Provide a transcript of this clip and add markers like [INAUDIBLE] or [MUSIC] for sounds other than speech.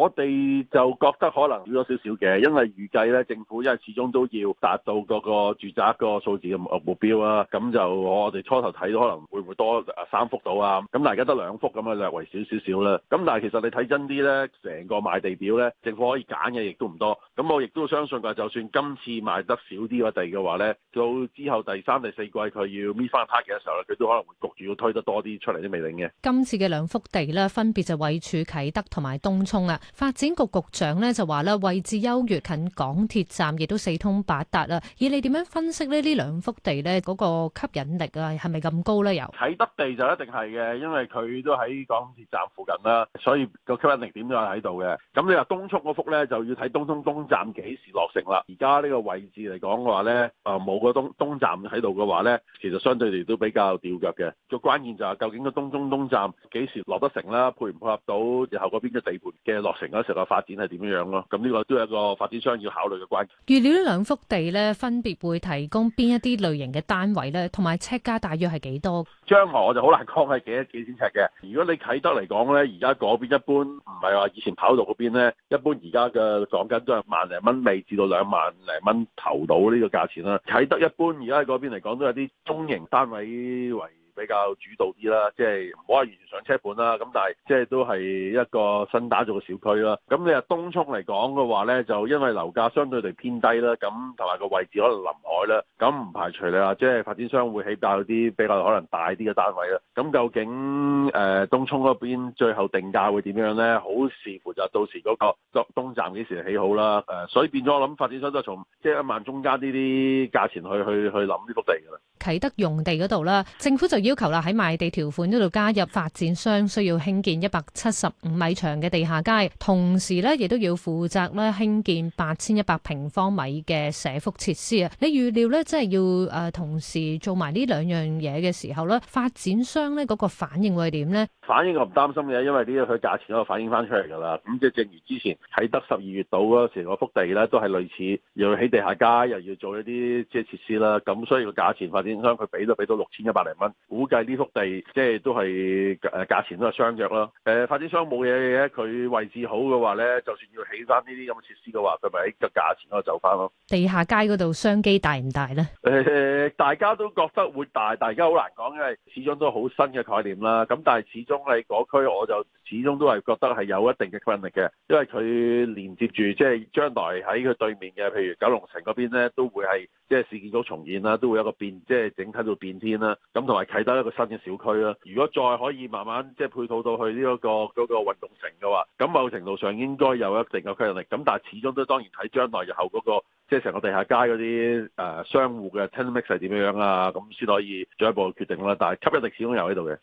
我哋就覺得可能少咗少少嘅，因為預計咧政府因為始終都要達到嗰個住宅個數字嘅目標啊，咁就我哋初頭睇到可能會唔會多三幅到啊，咁但係而家得兩幅咁啊，略為少少少啦。咁但係其實你睇真啲咧，成個賣地表咧，政府可以揀嘅亦都唔多。咁我亦都相信佢就算今次賣得少啲個地嘅話咧，到之後第三、第四季佢要搣翻批嘅時候咧，佢都可能會焗住要推得多啲出嚟都未領嘅。今次嘅兩幅地咧，分別就位處啟德同埋東湧啊。發展局局長咧就話咧，位置優越，近港鐵站，亦都四通八達啦。以你點樣分析咧，呢兩幅地咧嗰個吸引力啊，係咪咁高咧？又啟德地就一定係嘅，因為佢都喺港鐵站附近啦，所以個吸引力點都係喺度嘅。咁你話東涌嗰幅咧就要睇東涌東站幾時落成啦。而家呢個位置嚟講嘅話咧，啊冇個東東站喺度嘅話咧，其實相對嚟都比較吊腳嘅。個關鍵就係究竟個東涌東站幾時落得成啦？配唔配合到日後嗰邊嘅地盤嘅落？成個發展係點樣咯？咁呢個都係一個發展商要考慮嘅關鍵。預料呢兩幅地咧，分別會提供邊一啲類型嘅單位咧，同埋尺價大約係幾多？張河我就好難講係幾多幾千尺嘅。如果你啟德嚟講咧，而家嗰邊一般唔係話以前跑道嗰邊咧，一般而家嘅講緊都係萬零蚊，未至到兩萬零蚊頭到呢個價錢啦。啟德一般而家喺嗰邊嚟講，都有啲中型單位為比較主導啲啦，即係唔好話完全上車盤啦，咁但係即係都係一個新打造嘅小區啦。咁你話東涌嚟講嘅話呢，就因為樓價相對嚟偏低啦，咁同埋個位置可能臨海啦，咁唔排除你話即係發展商會起大啲比較可能大啲嘅單位啦。咁究竟誒、呃、東涌嗰邊最後定價會點樣呢？好視乎就到時嗰、嗰個東站幾時起好啦。誒、呃，所以變咗我諗發展商都係從即係一萬中間呢啲價錢去去去諗呢幅地㗎啦。啟德用地嗰度啦，政府就要求啦喺賣地條款嗰度加入發展商需要興建一百七十五米長嘅地下街，同時咧亦都要負責咧興建八千一百平方米嘅社福設施啊！你預料咧即係要誒、呃、同時做埋呢兩樣嘢嘅時候咧，發展商咧嗰個反應會係點咧？反應我唔擔心嘅，因為啲佢價錢都反映翻出嚟㗎啦。咁即係正如之前啟德十二月度嗰時嗰幅地咧，都係類似又要起地下街，又要做一啲即係設施啦。咁所以個價錢發展。影商佢俾都俾到六千一百零蚊，估計呢幅地即係都係價價錢都係相若咯。誒發展商冇嘢嘅，佢位置好嘅話咧，就算要起翻呢啲咁嘅設施嘅話，佢咪喺個價錢嗰度走翻咯。地下街嗰度商機大唔大咧？誒大，大、， [NOISE] 嗯、大家都覺得會大，大家好難講，因為始終都好新嘅概念啦。咁但係始終喺嗰區，我就始終都係覺得係有一定嘅吸引力嘅，因為佢連接住即係將來喺佢對面嘅，譬如九龍城嗰邊咧，都會係即係事件都重現啦，都會有一個變即即係整體到變天啦，咁同埋啟德一個新嘅小區啦。如果再可以慢慢即係配套到去呢一個嗰個運動城嘅話，咁某程度上應該有一定嘅吸引力。咁但係始終都當然睇將來日後嗰個即係成個地下街嗰啲誒商戶嘅 tenant mix 係點樣啊，咁先可以進一步決定啦。但係吸引力始終有喺度嘅。